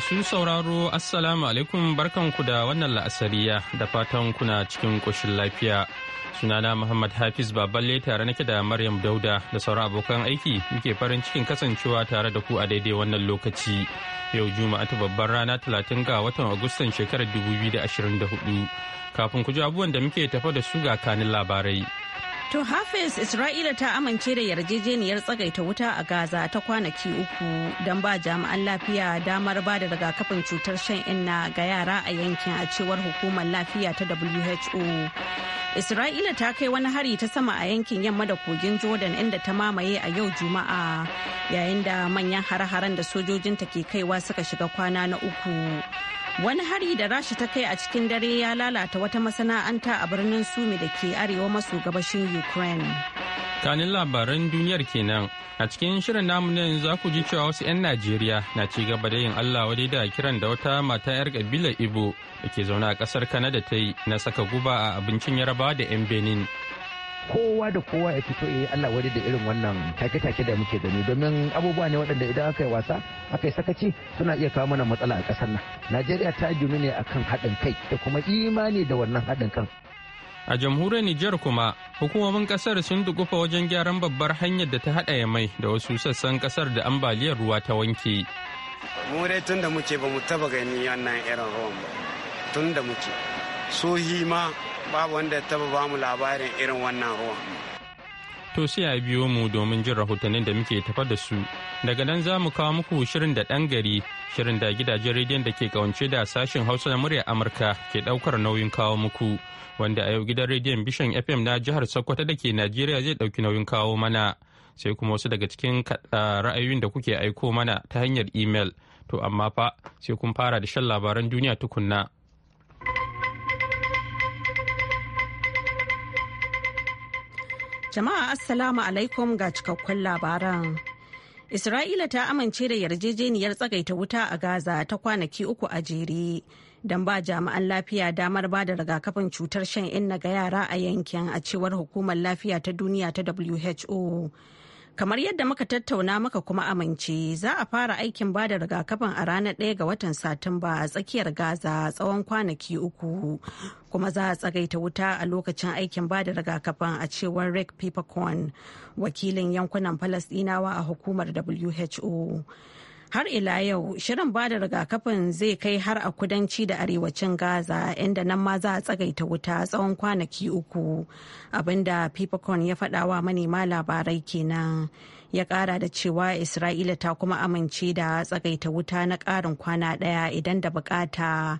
Masu sauraro Assalamu alaikum barkanku da wannan la'asariya da fatan kuna cikin ƙoshin lafiya. Sunana Muhammad Hafiz Baballe tare nake da Maryam Dauda da sauran abokan aiki muke farin cikin kasancewa tare da ku a daidai wannan lokaci. Yau Juma'a ta babbar rana talatin ga watan Agustan shekarar 2024. Kafin ku ji abubuwan da muke tafa da su ga kanin labarai. To Hafiz Isra'ila ta amince da yarjejeniyar tsagaita wuta a Gaza ta kwanaki uku don ba jami'an lafiya damar ba da rigakafin cutar shan inna ga yara a yankin a cewar hukumar lafiya ta WHO. Isra'ila ta kai wani hari ta sama a yankin yamma da kogin Jordan inda ta mamaye a yau Juma'a yayin da manyan hare-haren da sojojinta ke kaiwa suka shiga kwana na uku. wani hari da rashi ta kai a cikin dare ya lalata wata masana'anta a birnin sumi da ke arewa maso gabashin ukraine kanin labaran duniyar kenan a cikin shirin namu nan za ku ji cewa wasu 'yan najeriya na ci gaba da yin allah wadai da kiran da wata mata 'yar kabilar ibo da ke zaune a kasar kanada ta yi na saka guba a abincin yarbawa da 'yan benin kowa da kowa ya fito eh Allah wadi da irin wannan take-take da muke gani domin abubuwa ne waɗanda idan aka yi wasa aka yi sakaci suna iya kawo mana matsala a kasar nan Najeriya ta jumi ne akan haɗin kai da kuma imani da wannan haɗin kan a jamhuriyar Nijar kuma hukumomin kasar sun dukufa wajen gyaran babbar hanyar da ta haɗa mai da wasu sassan kasar da ambaliyar ruwa ta wanke. mu dai tun da muke ba mu taba gani wannan irin ruwan ba tun da muke sohi ma babu wanda ta ba bamu labarin irin wannan ruwan to sai a biyo mu domin jin rahotannin da muke tafa da su daga nan za mu kawo muku shirin da ɗan gari shirin da gidajen rediyon da ke kawance da sashen hausa na murya amurka ke ɗaukar nauyin kawo muku wanda a yau gidan rediyon bishan fm na jihar sokoto da ke najeriya zai ɗauki nauyin kawo mana sai kuma wasu daga cikin ra'ayoyin da kuke aiko mana ta hanyar imel to amma fa sai kun fara da shan labaran duniya tukunna. Jama'a Assalamu alaikum ga cikakkun labaran. Isra'ila ta amince da yarjejeniyar tsagaita wuta a Gaza ta kwanaki uku a jere. Don ba jami'an lafiya damar ba da rigakafin cutar shan inna ga yara a yankin a cewar hukumar lafiya ta duniya ta WHO. kamar yadda muka tattauna maka kuma amince za a fara aikin bada rigakafin a ranar 1 ga watan satumba a tsakiyar gaza tsawon kwanaki uku kuma za a tsagaita wuta a lokacin aikin bada rigakafin a cewar rick peppercorn wakilin yankunan falasdinawa a hukumar who har ila yau shirin ba da rigakafin zai kai har a kudanci da arewacin gaza inda nan ma za a tsagaita wuta tsawon kwanaki uku abinda pipocon ya faɗa wa manema labarai kenan ya ƙara da cewa isra'ila ta kuma amince da tsagaita wuta na ƙarin kwana ɗaya idan da bukata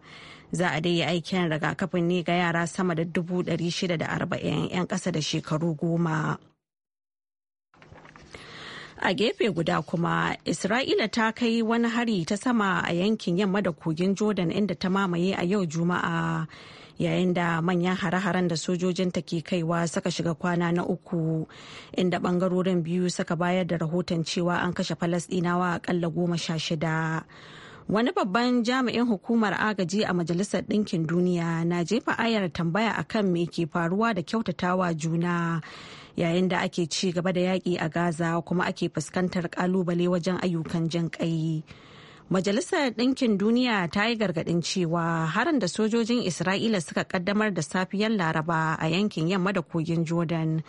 za a dai yi aikin rigakafin ne ga yara sama da 640 'yan ƙasa da shekaru goma. A gefe guda kuma, Isra'ila ta kai wani hari ta sama a yankin yamma da kogin Jordan inda ta mamaye a yau Juma'a. yayin da manyan hare-haren da sojojinta ke kaiwa suka shiga kwana na uku inda bangarorin biyu suka bayar da rahoton cewa an kashe falasdinawa akalla goma sha shida wani babban jami'in hukumar agaji a majalisar ɗinkin duniya na jefa ayar tambaya akan me ke faruwa da kyautatawa juna yayin da ake ci gaba da yaƙi a gaza kuma ake fuskantar kalubale wajen ayyukan jin ƙai majalisar ɗinkin duniya ta yi gargaɗin cewa harin da sojojin isra'ila suka kaddamar da safiyar laraba a yankin yamma da kogin jordan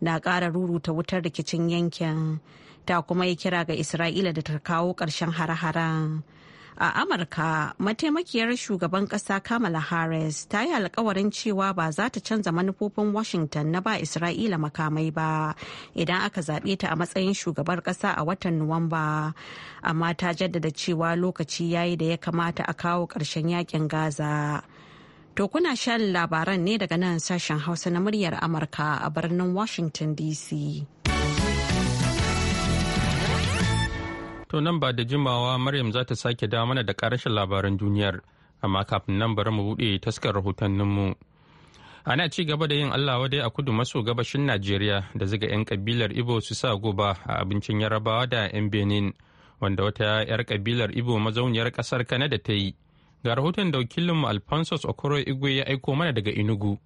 na ƙara ruruta wutar rikicin yankin ta kuma yi kira ga isra'ila da ta kawo ƙarshen hare-haren A Amurka, mataimakiyar shugaban ƙasa Kamala Harris ta yi alkawarin cewa ba za ta canza manufofin Washington na ba Isra'ila makamai ba idan aka zaɓe ta a matsayin shugabar ƙasa a watan Nuwamba. Amma ta jaddada cewa lokaci ya yi da ya kamata a kawo ƙarshen yakin Gaza. To kuna shan labaran ne daga nan sashen Hausa na muryar Amurka a birnin Washington DC. To nan ba da jimawa Maryam za ta sake dawo mana da karashin labaran duniyar, amma kafin nan bari mu buɗe taskar rahotanninmu. Ana ci gaba da yin Allah wadai a kudu maso gabashin Najeriya da ziga 'yan kabilar Ibo su sa goba a abincin Yarabawa da 'yan Benin, wanda wata 'yar kabilar Ibo mazauniyar ƙasar Kanada ta yi. Ga rahoton da wakilinmu Alphonsus Okoro Igwe ya aiko mana daga Enugu.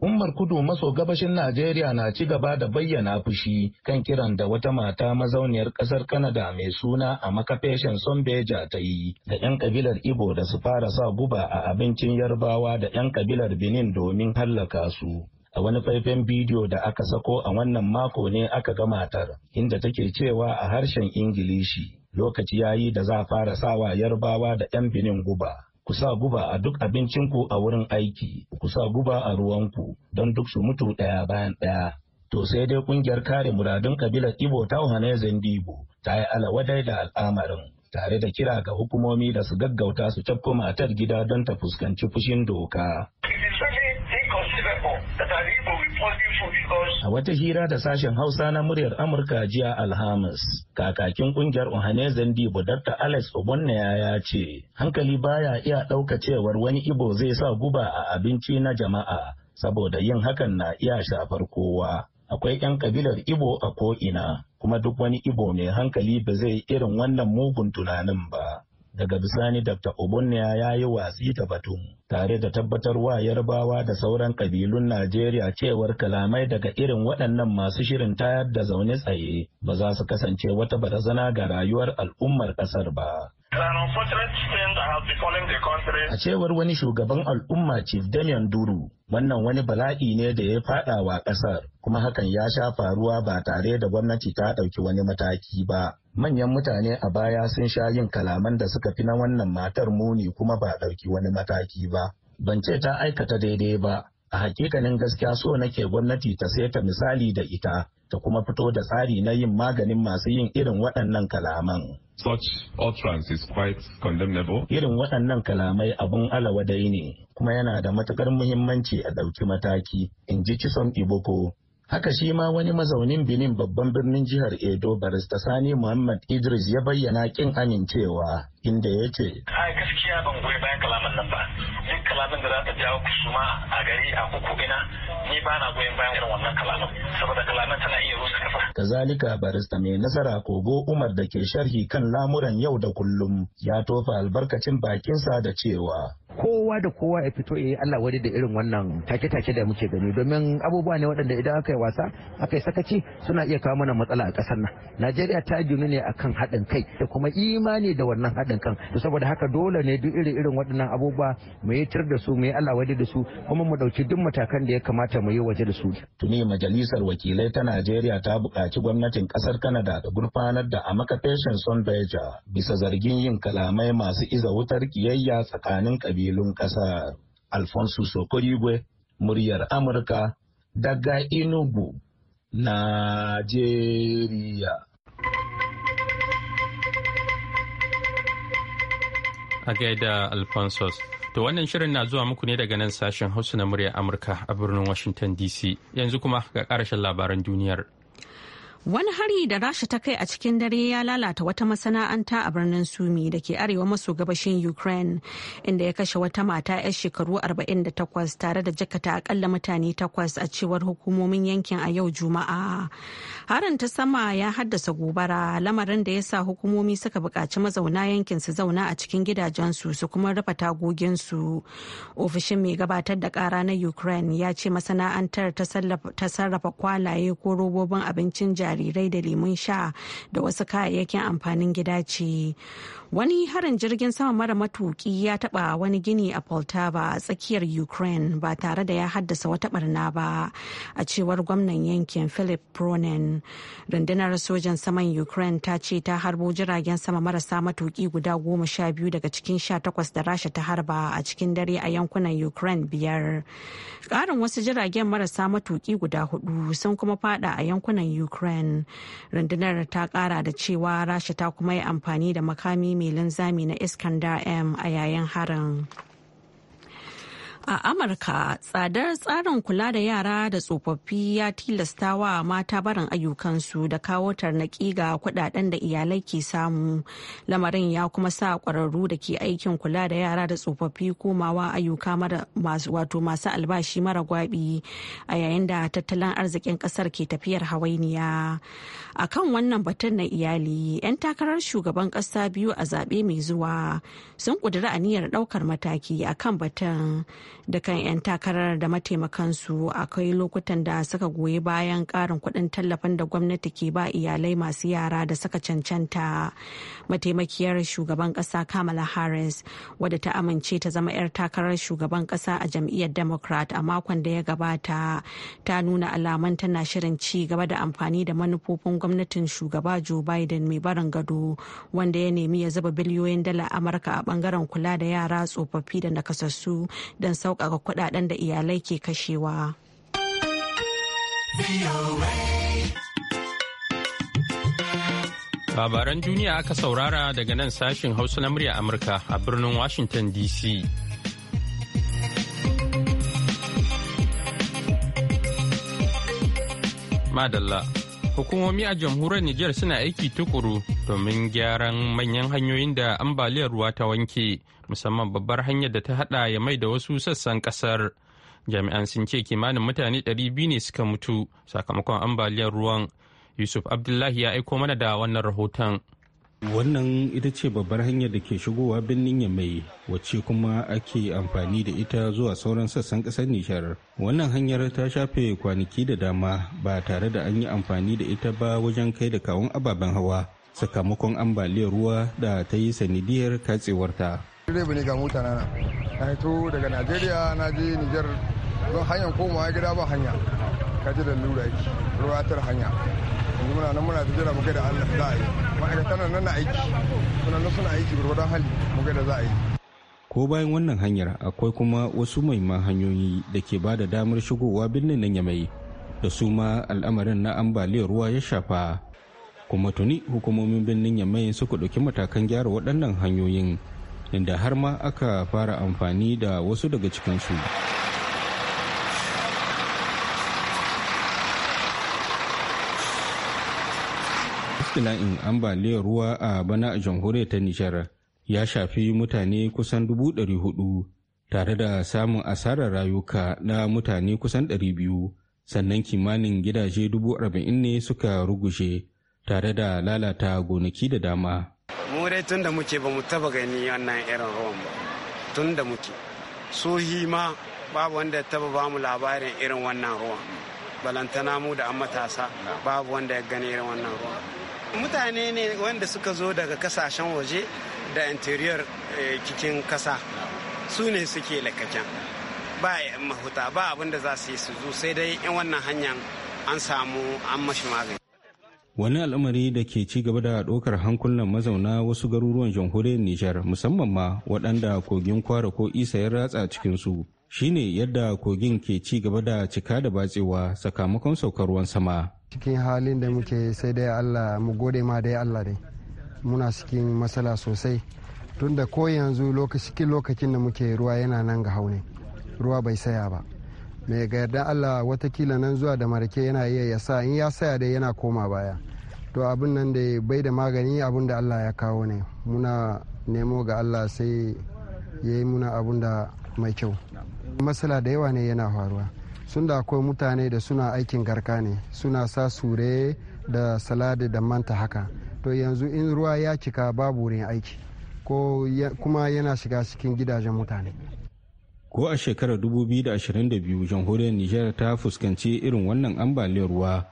Ummar kudu maso gabashin Najeriya na ci gaba da bayyana fushi kan kiran da wata mata mazauniyar ƙasar Kanada mai suna a makafeshin Sombeja ta yi da 'yan kabilar Ibo da su fara sa guba a abincin Yarbawa da 'yan kabilar Benin domin hallaka su. a wani faifan bidiyo da aka sako a wannan mako ne aka ga matar inda take cewa a harshen ingilishi lokaci yayi da za fara sawa yarbawa da 'yan binin guba ku sa guba a duk abincinku a wurin aiki ku sa guba a ruwanku don duk su mutu ɗaya bayan ɗaya to sai dai ƙungiyar kare muradun kabilar ibo ta ohane zandibo ta yi alawadai da al'amarin tare da kira ga hukumomi da su gaggauta su cafko matar gida don ta fuskanci fushin doka. A wata hira da sashen Hausa na muryar Amurka jiya Alhamis, kakakin kungiyar Ohanezen Dibo Dr. Alex Obonnaya ya ce, hankali baya iya ɗauka cewar wani Ibo zai sa guba a abinci na jama'a, saboda yin hakan na iya shafar kowa. Akwai 'yan kabilar Ibo a ko'ina, kuma duk wani Ibo mai hankali ba zai irin wannan mugun tunanin ba. daga bisani dr obunia ya yi watsi ta batun tare da tabbatar wa yarbawa da sauran kabilun najeriya cewar kalamai daga irin waɗannan masu shirin tayar da zaune tsaye ba za su kasance wata barazana ga rayuwar al'ummar ƙasar ba A cewar wani shugaban al'umma Chief Damian Duru, wannan wani bala'i ne da ya fada wa ƙasar, kuma hakan ya sha faruwa ba tare da gwamnati ta ɗauki wani mataki ba. manyan mutane a baya sun sha yin kalaman da suka fi na wannan matar muni kuma ba ɗauki wani mataki ba. Ban ce ta aikata daidai ba, a hakikanin gaskiya so nake gwamnati ta saita misali da ita ta kuma fito da tsari na yin maganin masu yin irin waɗannan kalaman. Such utterance is quite condemnable. Irin waɗannan kalamai abun alawadai ne, kuma yana da matuƙar muhimmanci a ɗauki mataki, in ji Chisom Iboko, Haka shi ma wani mazaunin Benin babban birnin jihar Edo barista Sani Muhammad Idris ya bayyana kin amincewa inda ya ce. gaskiya ban goyi bayan kalaman nan ba. Duk kalaman da za ta jawo kusuma a gari a kuku ina ni ba na goyon bayan irin wannan kalaman saboda kalaman tana iya rusa kafa. Kazalika barista mai nasara kogo Umar da ke sharhi kan lamuran yau da kullum ya tofa albarkacin bakinsa da cewa. kowa da kowa ya fito ya eh, yi Allah wani da irin wannan take-take da muke gani domin abubuwa ne waɗanda idan aka yi wasa aka yi sakaci suna iya kawo mana matsala a ƙasar nan Najeriya ta ginu ne akan haɗin kai da kuma imani da wannan haɗin kan to saboda haka dole ne duk irin irin waɗannan abubuwa mu yi tir da su mu yi Allah wani da su kuma mu ɗauki duk matakan da ya kamata mu yi waje da su. Tuni majalisar wakilai ta Najeriya ta buƙaci gwamnatin ƙasar Kanada da gurfanar da Amaka Fashion Son bisa zargin yin kalamai masu iza wutar kiyayya tsakanin kabi kabilun ƙasa Alfonso Sokoyigwe, muryar Amurka daga Inugu, Najeriya. A gaida alfonso to wannan shirin na zuwa muku ne daga nan sashen Hausa na muryar Amurka a birnin Washington DC. Yanzu kuma ga karashen labaran duniyar. Wani hari da Rasha ta kai a cikin dare ya lalata wata masana'anta a birnin Sumi da ke arewa maso gabashin Ukraine, inda ya kashe wata mata 'yar shekaru 48 tare da jakata akalla mutane takwas a cewar hukumomin yankin a yau Juma'a. Harin ta sama ya haddasa gobara lamarin da ya sa hukumomi suka buƙaci mazauna yankin su zauna a cikin gidajensu su kuma rufe tagoginsu. Ofishin mai gabatar da ƙara na Ukraine ya ce masana'antar ta sarrafa kwalaye ko robobin abincin jari jarirai da lemun sha da wasu kayayyakin amfanin gida ce wani harin jirgin sama mara matuki ya taba wani gini a poltava a tsakiyar ukraine ba tare da ya haddasa wata barna ba a cewar gwamnan yankin philip pronin rundunar sojan saman ukraine ta ce ta harbo jiragen sama marasa matuki guda goma sha biyu daga cikin sha takwas da rasha ta harba a cikin dare a yankunan ukraine biyar ƙarin wasu jiragen marasa matuki guda hudu sun kuma fada a yankunan ukraine iran rundunar ta kara da cewa rasha ta kuma yi amfani da makami mai linzami na iskandar m a yayin harin A Amurka tsadar tsarin kula da yara da tsofaffi ya tilasta wa mata barin ayyukansu da kawo tarnaki ga kudaden da iyalai ke samu. Lamarin ya kuma sa kwararru da ke aikin kula da yara da tsofaffi komawa ayyuka wato masu albashi mara gwabi a yayin da tattalin arzikin kasar ke tafiyar hawainiya. A kan wannan batun na iyali, 'yan takarar shugaban kasa biyu a zaɓe mai zuwa sun ƙudiri aniyar ɗaukar mataki a kan batun. da kan 'yan takarar da mataimakansu akwai lokutan da suka goyi bayan karin kuɗin tallafin da gwamnati ke ba iyalai masu yara da suka cancanta mataimakiyar shugaban ƙasa kamala harris wadda ta amince ta zama 'yar takarar shugaban ƙasa a jam'iyyar democrat a makon da ya gabata ta nuna alaman tana shirin ci gaba da amfani da manufofin gwamnatin shugaba joe biden mai barin gado wanda ya nemi ya zuba biliyoyin dala amurka a bangaren kula da yara tsofaffi da nakasassu don sauƙaƙa kuɗaɗen da iyalai ke kashewa. Labaran duniya aka saurara daga nan sashin Hausa na murya Amurka a birnin Washington DC. Madalla. hukumomi a jamhuriyar Nijar suna aiki tukuru domin gyaran manyan hanyoyin da ambaliyar ruwa ta wanke musamman babbar hanyar da ta hada ya mai da wasu sassan kasar jami'an sun ce kimanin mutane 200 ne suka mutu sakamakon ambaliyar ruwan yusuf abdullahi ya aiko mana da wannan rahoton wannan ita ce babbar hanyar da ke shigowa birnin ya yamai wacce kuma ake amfani da ita zuwa sauran sassan kasar nishar wannan hanyar ta shafe kwanaki da dama ba tare da an yi amfani da ita ba wajen kai da kawun ababen hawa sakamakon ambaliyar ruwa da ta yi sanidiyar katsewarta direba daga nijar don hanyar komawa gida ba hanya kaji da lura hanya yanzu muna nan muna jira mu da Allah za a yi ma'aikatan nan na aiki nan suna aiki gurgurdan hali mu da za a yi ko bayan wannan hanyar akwai kuma wasu mahimman hanyoyi da ke ba da damar shigowa birnin nan yamai da su ma al'amarin na ambaliyar ruwa ya shafa kuma tuni hukumomin birnin yamai suka ɗauki matakan gyara waɗannan hanyoyin inda har ma aka fara amfani da wasu daga cikinsu. su ibtila'in ambaliyar ruwa a bana a jamhuriyar ta nijar ya shafi mutane kusan dubu hudu tare da samun asarar rayuka na mutane kusan 200 biyu sannan kimanin gidaje dubu arba'in ne suka rugushe tare da lalata gonaki da dama. mu dai tun da muke ba mu taba gani wannan irin ruwan ba tun da muke sohi ma babu wanda ya taba bamu labarin irin wannan ruwan balantana mu da an matasa babu wanda ya gani irin wannan ruwan mutane ne wanda suka zo daga kasashen waje da interior eh, cikin kasa su ne suke lakaken ba mahuta ba abinda da za su yi su zo sai dai in wannan hanyar an samu an mashi magani wani al'amari da ke ci gaba da ɗaukar hankulan mazauna wasu garuruwan jamhuriyar nijar musamman ma waɗanda kogin kwara ko isa ya ratsa cikinsu shine yadda kogin ke ci gaba da cika da batsewa sakamakon saukar ruwan sama cikin halin da muke sai dai allah mu gode ma dai allah dai muna cikin matsala sosai tunda ko yanzu cikin lokacin da muke ruwa yana nan ga haune ruwa bai saya ba mai ga yarda allah watakila nan zuwa da marake yana iya ya sa in ya saya dai yana koma baya to abin nan da bai da magani abin da allah ya kawo ne muna nemo ga allah sai ya yi muna abin da mai kyau matsala da yawa ne yana faruwa sun da akwai mutane da suna aikin garka ne suna sa sure da salade da manta haka to yanzu in ruwa ya cika babu wurin aiki ko kuma yana shiga cikin gidajen mutane ko a shekarar 2022 jamhuriyar nijar ta fuskanci irin wannan ambaliyar ruwa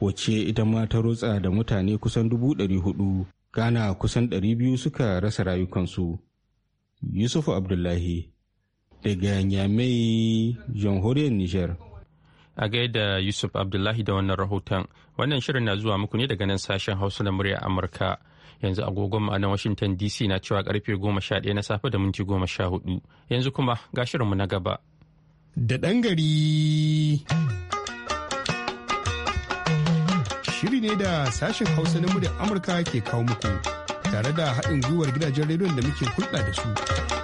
wacce ita ma ta rotsa da mutane kusan 400 gana kusan 200 suka rasa rayukansu yusuf abdullahi daga Nyamai, jamhuriyar Nijar. A gaida Yusuf Abdullahi da wannan rahoton, wannan shirin na zuwa muku ne daga nan sashen Hausa na murya Amurka. Yanzu agogon ma'ana Washington DC na cewa karfe 11 na safe da minti 14. Yanzu kuma ga shirinmu na gaba. Da ɗan gari. Shiri ne da sashen Hausa na murya Amurka ke kawo muku, tare da haɗin gwiwar gidajen rediyon da muke hulɗa da su.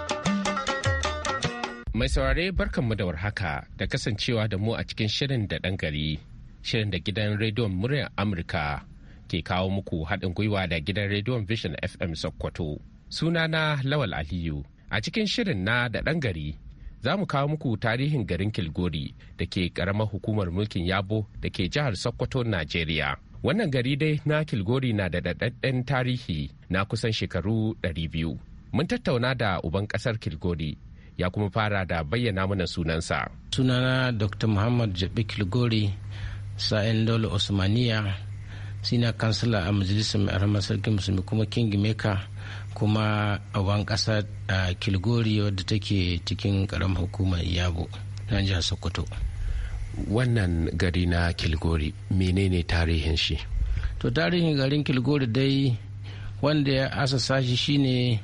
Mai saurare mu da warhaka da kasancewa da mu a cikin shirin da ɗan gari, shirin da gidan rediyon muryar Amurka ke kawo muku haɗin gwiwa da gidan rediyon Vision FM Sokoto. Sunana Lawal Aliyu. A cikin shirin na da ɗan gari, za mu kawo muku tarihin garin Kilgori da ke ƙaramar hukumar mulkin Yabo da ke jihar Sokoto, Najeriya. Wannan gari dai na Kilgori na da daɗaɗɗen tarihi na kusan shekaru ɗari biyu. Mun tattauna da uban ƙasar Kilgori ya kuma fara da bayyana mana sunansa. Sunana Dr. Muhammad Jabi Kilgori Sa'in Dole Osmaniya sina kansila a majalisar mai arama sarki musulmi kuma mecca kuma a wan kasa a kilgori wadda take cikin karamar hukumar yabo na jihar sokoto wannan gari na kilgori menene tarihin shi to tarihin garin kilgori dai wanda ya asasa shi shine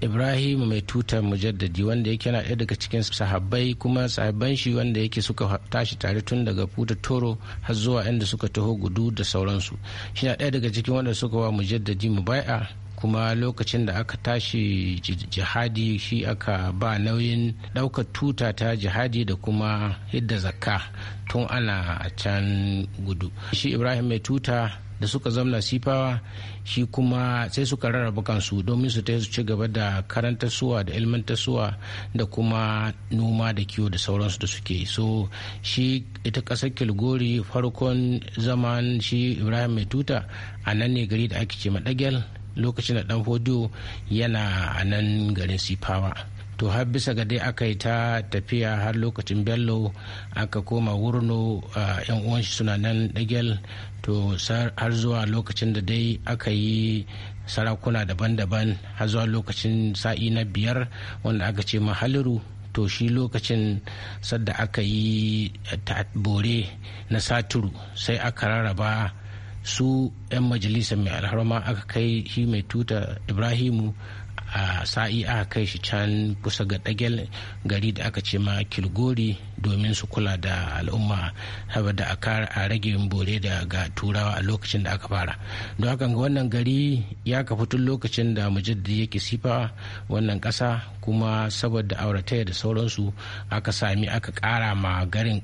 ibrahim mai tutar mujaddadi wanda yake na ɗaya daga cikin sahabbai kuma sahabban shi wanda yake suka tashi tare tun daga puta toro har zuwa inda suka taho gudu da sauransu shi na ɗaya daga cikin wanda suka wa mujaddadi mubai'a kuma lokacin da aka tashi jihadi shi aka ba nauyin ɗaukar tuta ta jihadi da kuma hidda zakka tun ana can gudu shi ibrahim mai tuta da suka zamna sifawa shi kuma sai suka rarraba kansu domin su su ci gaba da suwa da ilmantarsuwa da kuma noma da kiwo da sauransu da suke so shi ita kasar kilgori farkon zaman shi ibrahim mai tuta a nan ne gari da ake ce madagel lokacin da dan fodiyo yana a nan garin sifawa to har bisa ga dai aka yi ta tafiya har lokacin bello aka koma wurno yan uwan shi suna nan dagel to har zuwa lokacin da dai aka yi sarakuna daban-daban har zuwa lokacin sa'i na biyar wanda aka ce mahaliru to shi lokacin sadda aka yi eh, bore na saturu sai aka rarraba su 'yan majalisa mai alharma aka kai shi mai tuta ibrahimu a sa'i aka kai shi can kusa ga dagel gari da aka ce ma kilgori domin su kula da al'umma saboda a rage bore daga turawa a lokacin da aka fara don ga wannan gari ya kafu tun lokacin da mujaddi yake sifa wannan kasa kuma saboda aurataya da sauransu aka sami aka kara ma garin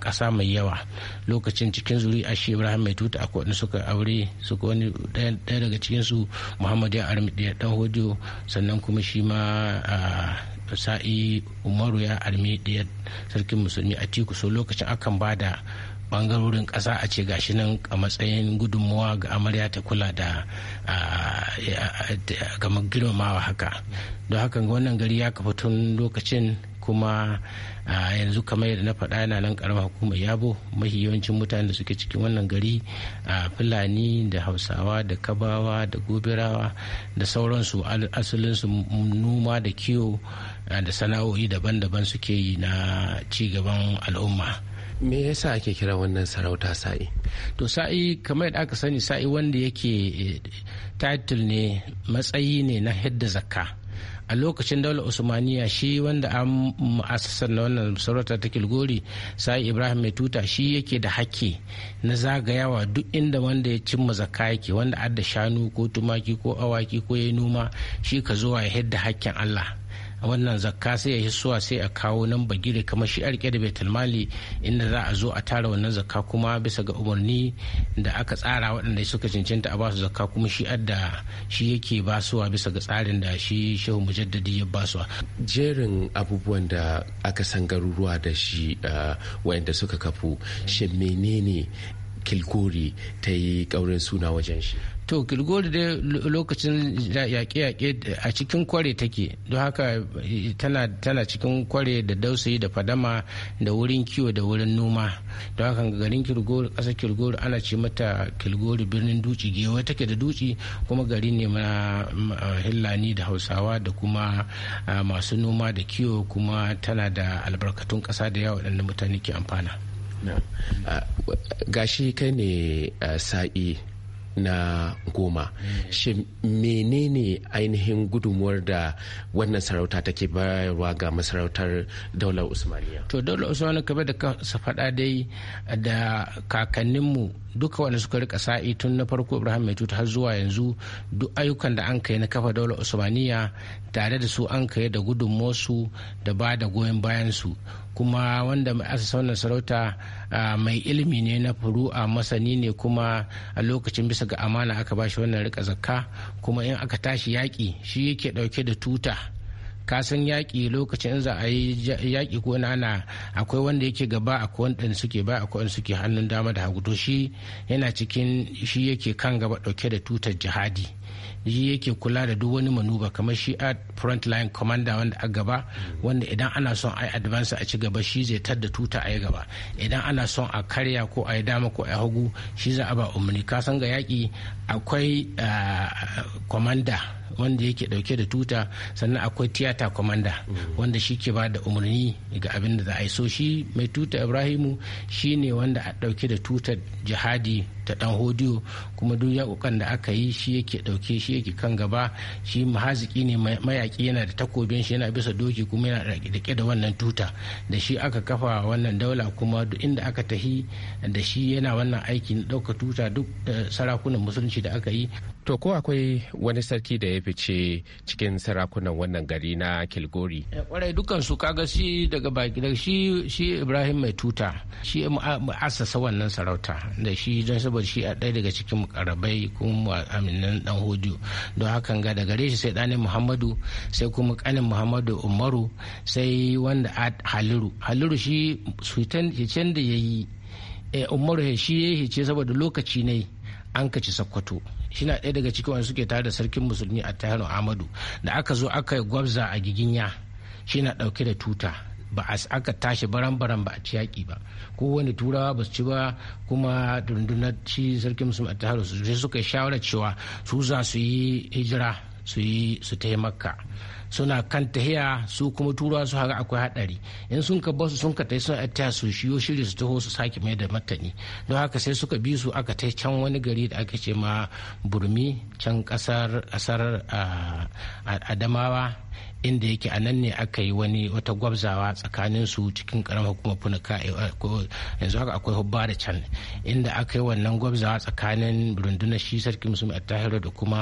kasa mai yawa lokacin cikin zuri a shi ibrahim mai tuta akwai wani suka aure suka wani daya daga cikinsu muhammadu ya armi ɗaya dan hojo sannan kuma shi ma ah, sa'i umaru ya armi ɗaya sarkin musulmi a tiku so lokacin akan ba da bangarorin ƙasa a ce gashi nan a matsayin gudunmuwa ga amarya ta kula da gama girmamawa haka don hakan wannan gari ya kafa tun lokacin kuma yanzu kamar yadda na faɗa yana nan ƙaramar hukumar yabo mahi yawancin mutanen da suke cikin wannan gari a fulani da hausawa da kabawa da gobirawa da sauransu asalinsu noma da kiwo Ah, da sana'o'i daban-daban suke yi na ci gaban al'umma me yasa ake kira wannan sarauta sa'i to sa'i kamar yadda aka sani sa'i wanda yake eh, title ne matsayi ne na hidda zakka a lokacin daular usmaniya shi wanda an mu'assasar na wannan sarauta ta kilgori sai ibrahim mai tuta shi yake da hakki na zagayawa duk inda wanda ya cimma zakka yake wanda adda shanu ko tumaki ko awaki ko ya noma shi ka zuwa ya hidda hakkin allah wannan zakka sai ya yi suwa sai a kawo nan bagire kamar shi arke da baitul inda za a zo a tara wannan zakka kuma bisa ga umarni da aka tsara waɗanda suka cancanta a ba su zakka kuma shi adda shi yake basuwa bisa ga tsarin da shi shehu mujaddadi ya basuwa jerin abubuwan da aka san garuruwa da shi eh, wayanda suka kafu shin menene kilgori ta yi ƙaurin suna wajen shi to kilgori dai lokacin yaƙe-yaƙe a cikin kware take don haka eh, tana cikin kware da dausayi da fadama da wurin kiwo da wurin noma don haka garin kilgori ƙasar kilgori ana ce mata kilgori birnin duci gewa take da duci kuma gari ne na hillani da hausawa da kuma ah, masu noma da kiwo kuma tana da albarkatun ƙasa da yawa waɗanda mutane ke amfana Uh, gashi kai ne uh, sa'i na goma mm. shi menene ainihin gudunmuwar da wannan sarauta take bayarwa ga masarautar daular usmaniya to daular usmaniya kamar da ka faɗa dai da kakanninmu duka wanda suka rika sa'i tun na farko ibrahim mai tuta har zuwa yanzu duk ayyukan da an kai na kafa daular usmaniya tare da su an kai da gudunmosu da ba da goyon bayansu kuma wanda mai asa wannan sarauta mai ilimi ne na furu'a masani ne kuma a lokacin bisa ga amana aka ba shi wannan rika zakka kuma in aka tashi yaƙi shi yake ɗauke da tuta kasan yaƙi lokacin za a yi yaƙi ko ana akwai wanda yake gaba akwai wanda suke ba akwai wanda suke hannun dama da hagu to shi yana cikin shi yake kan gaba ɗauke da tutar jihadi shi yake kula da duk wani manuba kamar shi a front line commander wanda a gaba wanda idan ana son a yi advance a ci gaba shi zai da tuta a yi gaba idan ana son a karya ko a yi dama ko a yi hagu shi za a ba umarni kasan ga yaƙi akwai ah, commander wanda yake dauke da tuta sannan akwai tiyata kwamanda mm. wanda shi ke ba da umarni ga abin da za a yi so shi mai tuta ibrahimu shi ne wanda a dauke da tuta jihadi ta dan hodiyo kuma duk yakukan da aka yi shi yake dauke shi yake kan gaba shi mahaziki ne mayaki yana da takobin shi yana bisa doki kuma yana rike da wannan tuta da shi aka kafa wannan daula kuma duk inda aka tahi da shi yana wannan aiki na dauka tuta duk eh, sarakunan musulunci da aka yi to ko akwai wani sarki da ya fice cikin sarakunan wannan gari na kilgori eh, kwarai dukkan su kaga shi daga baki daga shi shi ibrahim mai tuta shi asasa wannan sarauta da shi don saboda shi a ɗaya daga cikin karabai kuma aminan dan hudu don hakan ga da gare shi sai ɗanin muhammadu sai kuma ƙanin muhammadu umaru sai wanda haliru haliru shi hicen da ya yi eh, umaru shi ya yi hice saboda lokaci ne an kaci sakkwato shina ɗaya daga cikin wanda suke tare da sarkin musulmi a tayar amadu da aka zo aka gwabza a giginya na ɗauke da tuta ba a aka tashi baran-baran ba a ci yaƙi ba ko wani turawa ba su ci ba kuma rundunar ci sarkin musulmi a tayar su suka yi shawarar cewa su za su yi hijira su yi su taimaka suna kan tahiya su kuma turawa su haka akwai hadari in sun ka basu sun ka tai sun attaya su shiyo shiri su taho su sake mai da matani don haka sai suka bi su aka tai can wani gari da aka ce ma burmi can kasar kasar adamawa inda yake a nan ne aka yi wani wata gwabzawa tsakanin su cikin karamar hukumar ka eh, yanzu haka akwai hubba da can inda aka yi wannan gwabzawa tsakanin rundunar shi sarki musulmi a da kuma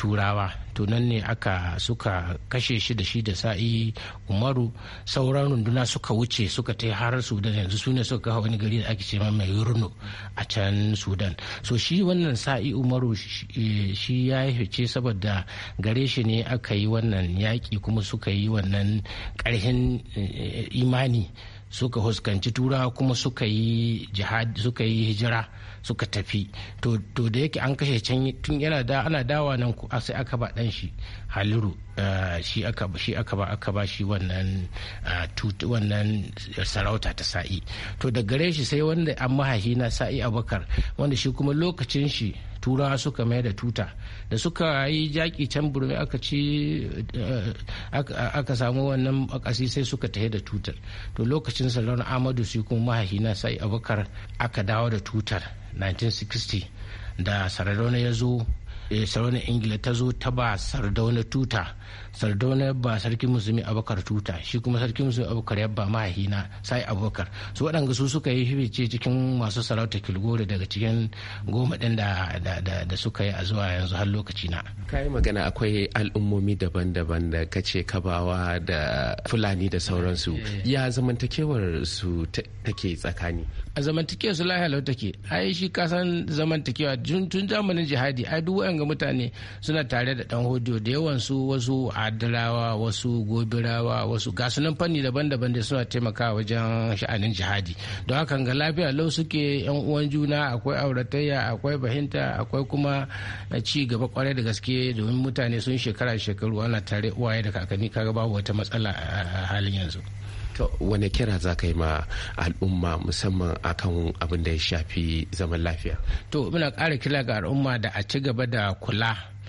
turawa to nan ne aka suka kashe shi da shi da sa'i umaru sauran runduna suka wuce suka ta har sudan yanzu su ne suka kawo wani gari da ake ce mai yurno a can sudan so shi wannan sa'i umaru shi ya fice saboda gare shi ne aka yi wannan yaƙi kuma suka yi wannan ƙarhin eh, imani suka huskanci tura kuma suka yi jihad suka yi hijira suka tafi to da yake an kashe can tun yana da ana dawa nan ku sai aka ba dan shi haliru eh, shi aka shi aka ba aka ba shi wannan eh, wannan sarauta ta sa'i to da gare shi sai wanda an mahaifi na sa'i abakar wanda shi kuma lokacin shi turawa suka mai da tuta da suka yi jaki can burmi aka ci eh, aka samu wannan akasi sai suka tahi da tutar to lokacin salon amadu su kuma mahahina sai abokar aka dawo da tutar 1960 da sardauna ya zo eh, sardauna ingila ta zo ta ba sardauna tuta sardauna ba sarki musulmi abubakar tuta shi kuma sarki musulmi abubakar yabba mahina sai abubakar su waɗanda su suka yi fice cikin masu sarauta kilgore daga cikin goma ɗin da suka yi a zuwa yanzu har lokaci na yi magana akwai al'ummomi daban-daban da kace kabawa da fulani da sauransu eh. ya zamantakewar su take tsakani a zamantakewar su lahiya lau take ai shi kasan zamantakewa tun zamanin jihadi ai duk waɗanda mutane suna tare da ɗan hodiyo da yawan su wasu adalawa wasu gobirawa wasu gasu fanni daban-daban da suna taimakawa wajen sha'anin jihadi don hakan ga lafiya lau suke yan uwan juna akwai auratayya akwai fahimta akwai kuma ci gaba kwarai da gaske domin mutane sun shekara shekaru ana tare uwaye da kakanni kaga babu wata matsala a halin yanzu to wane kira za ka yi ma al'umma musamman akan abin da ya shafi zaman lafiya to muna kara kira ga al'umma da a ci gaba da kula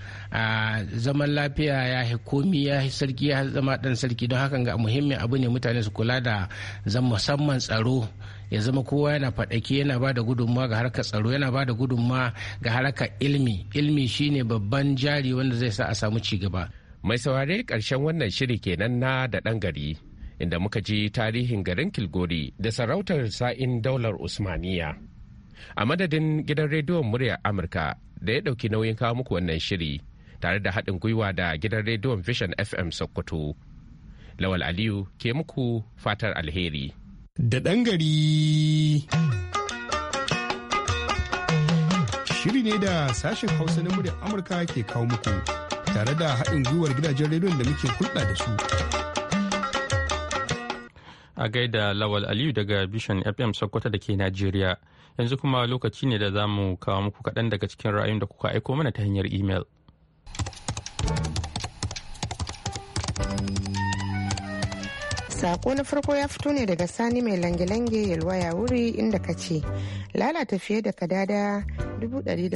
zaman lafiya ya yi komi ya yi sarki ya zama dan sarki don hakan ga muhimmin abu ne mutane su kula da zan musamman tsaro ya zama kowa yana faɗaki yana ba da gudunmawa ga harkar tsaro yana ba da gudunmawa ga harkar ilmi ilmi shine babban jari wanda zai sa a samu ci gaba mai saurare karshen wannan shiri kenan na da ɗan gari inda muka ji tarihin garin kilgori da sarautar sa'in daular usmaniya a madadin gidan rediyon muryar amurka da ya ɗauki nauyin kawo muku wannan shiri tare da haɗin gwiwa da gidan rediyon vision fm sokoto lawal aliyu ke muku fatar alheri da ɗan gari shiri ne da sashen hausa na muryar amurka ke kawo muku tare da haɗin gwiwar gidajen rediyon da muke hulɗa da su a gaida lawal aliyu daga vision fm sokoto da ke najeriya yanzu kuma lokaci ne da za mu kawo muku kaɗan daga cikin ra'ayin da kuka aiko mana ta hanyar imel. sako na farko ya fito ne daga sani mai lange-lange yalwa ya wuri inda ka ce lalata fiye da kadada ɗari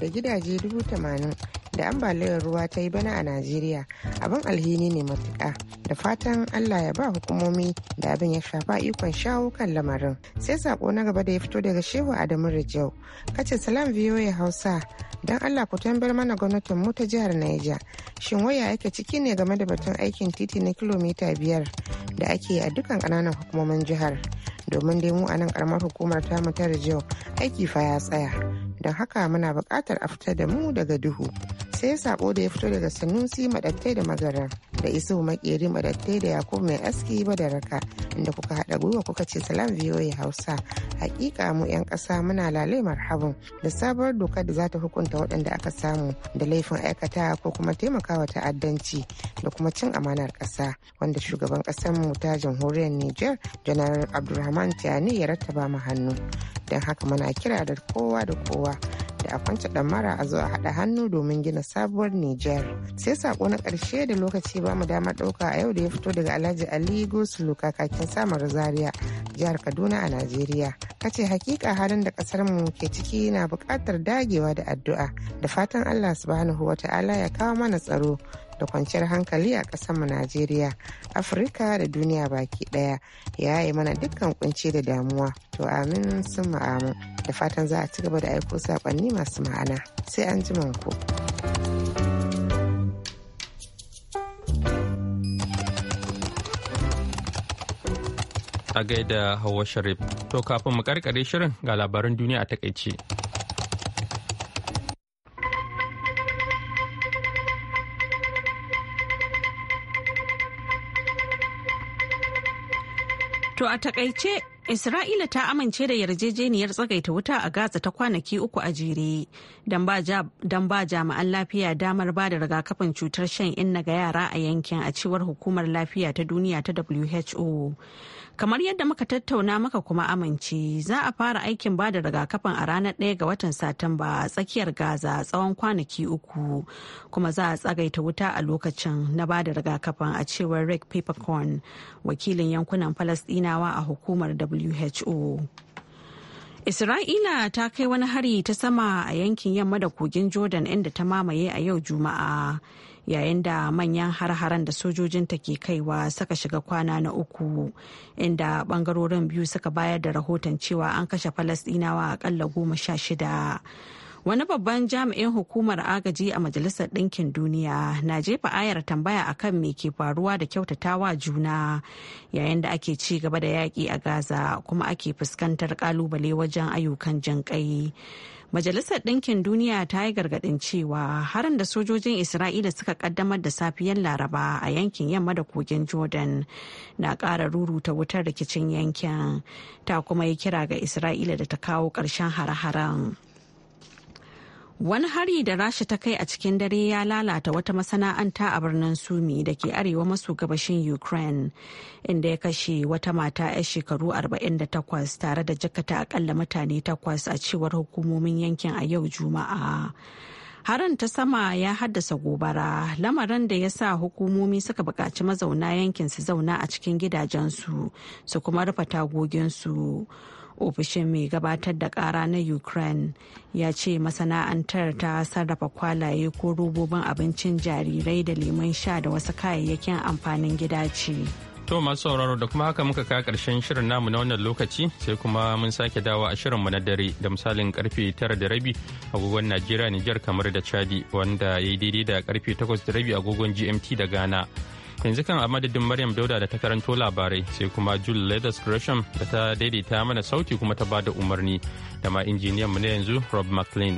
da gidaje 80,000 da ambaliyar ruwa ta yi bana a najeriya abin alhini ne matuƙa da fatan allah ya ba hukumomi da abin ya shafa ikon shawo kan lamarin sai sako na gaba da ya fito daga shehu adamu rijau kace salam ya hausa don allah ku tambar mana gwamnatin mu ta jihar niger shin waya yake ciki ne game da batun aikin titi na kilomita biyar da ake a dukkan ƙananan hukumomin jihar domin dai mu a nan karamar hukumar tamu ta rijau aiki fa ya tsaya don haka muna buƙatar a fitar da mu daga duhu sai sako da ya fito daga sanusi madattai da magarar da isu makeri madattai da yakub mai aski ba da raka inda kuka haɗa gwiwa kuka ce salam ya hausa hakika mu yan ƙasa muna lalai marhabin da sabuwar dokar da za ta hukunta waɗanda aka samu da laifin aikata ko kuma taimakawa ta'addanci da kuma cin amanar ƙasa wanda shugaban ƙasar mu ta jamhuriyar niger janar abdulrahman tiani ya rattaba mu hannu don haka muna kira da kowa da kowa da a kwance mara a zo a haɗa hannu domin gina sabuwar Nijar. Sai sako na karshe da lokaci ba mu damar ɗauka a yau da ya fito daga Alhaji Ali Luka kakin samar Zaria jihar Kaduna a Najeriya. Kace hakika halin da ƙasar mu ke ciki na buƙatar dagewa da addu'a da fatan Allah subhanahu wa ta'ala ya kawo mana tsaro da kwanciyar hankali a ƙasarmu Najeriya, Afirka da duniya baki ɗaya ya yi mana dukkan kunci da damuwa. To amin sun ma'amu da fatan za a ci gaba da aiko saƙonni masu ma'ana. Sai an ji ku. A gaida Hauwa Sharif, to kafin mu karkare shirin ga labaran duniya a takaice. To a takaice Isra'ila ta amince da yarjejeniyar tsagaita wuta a Gaza ta kwanaki uku a jere don ba jami'an lafiya damar ba da rigakafin cutar shan inna ga yara a yankin a cewar hukumar lafiya ta duniya ta WHO. kamar yadda muka tattauna maka kuma amince za a fara aikin bada rigakafin a ranar 1 ga watan satumba a tsakiyar gaza tsawon kwanaki uku kuma za a tsagaita wuta a lokacin na bada rigakafin a cewar rick peppercorn wakilin yankunan falasdinawa a hukumar who Isra'ila ta kai wani hari ta sama a yankin yamma da kogin Jordan inda ta mamaye a yau Juma'a. yayin da manyan har-haren da sojojinta ke kaiwa suka shiga kwana na uku inda bangarorin biyu suka bayar da rahoton cewa an kashe falasdinawa akalla goma sha shida wani babban jami'in hukumar agaji a majalisar ɗinkin duniya na jefa ayar tambaya akan me ke faruwa da kyautatawa juna yayin da ake ci gaba da yaƙi a gaza kuma ake fuskantar ƙalubale wajen ayyukan jinƙai Majalisar Ɗinkin Duniya ta yi gargaɗin cewa harin da sojojin Isra'ila suka kaddamar da safiyar Laraba a yankin yamma da kogin Jordan na ƙara ruruta wutar rikicin yankin ta kuma yi kira ga Isra'ila da ta kawo ƙarshen hare-haren. Wani hari da Rasha ta kai a cikin dare ya lalata wata masana'anta a birnin Sumi da ke arewa maso gabashin Ukraine, inda ya kashe wata mata 'yar shekaru 48 tare da jakata akalla mutane takwas a cewar hukumomin yankin a yau Juma'a. Harin ta sama ya haddasa gobara, lamarin da ya sa hukumomi suka buƙaci mazauna yankin su zauna a cikin gidajensu su kuma rufe tagoginsu. ofishin mai gabatar da kara na ukraine ya ce masana'antar ta sarrafa kwalaye ko robobin abincin jarirai da lemon sha da wasu kayayyakin amfanin gida ce to masu sauraro da kuma haka muka kawo karshen shirin namu na wannan lokaci sai kuma mun sake dawa a shirinmu na dare da misalin karfe tara da rabi agogon najeriya niger kamar da chadi wanda ya yi daidai da karfe takwas da rabi agogon gmt da ghana yanzu kan a madadin maryam dauda da ta karanto labarai sai kuma jul leathers gresham da ta daidaita mana sauti kuma ta bada umarni da ma injiniyan mu na yanzu rob mclean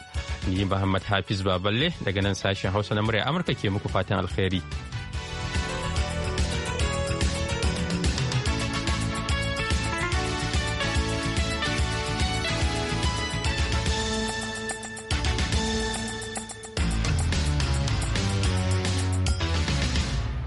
ni muhammad hafiz baballe daga nan sashen hausa na murya amurka ke muku fatan alkhairi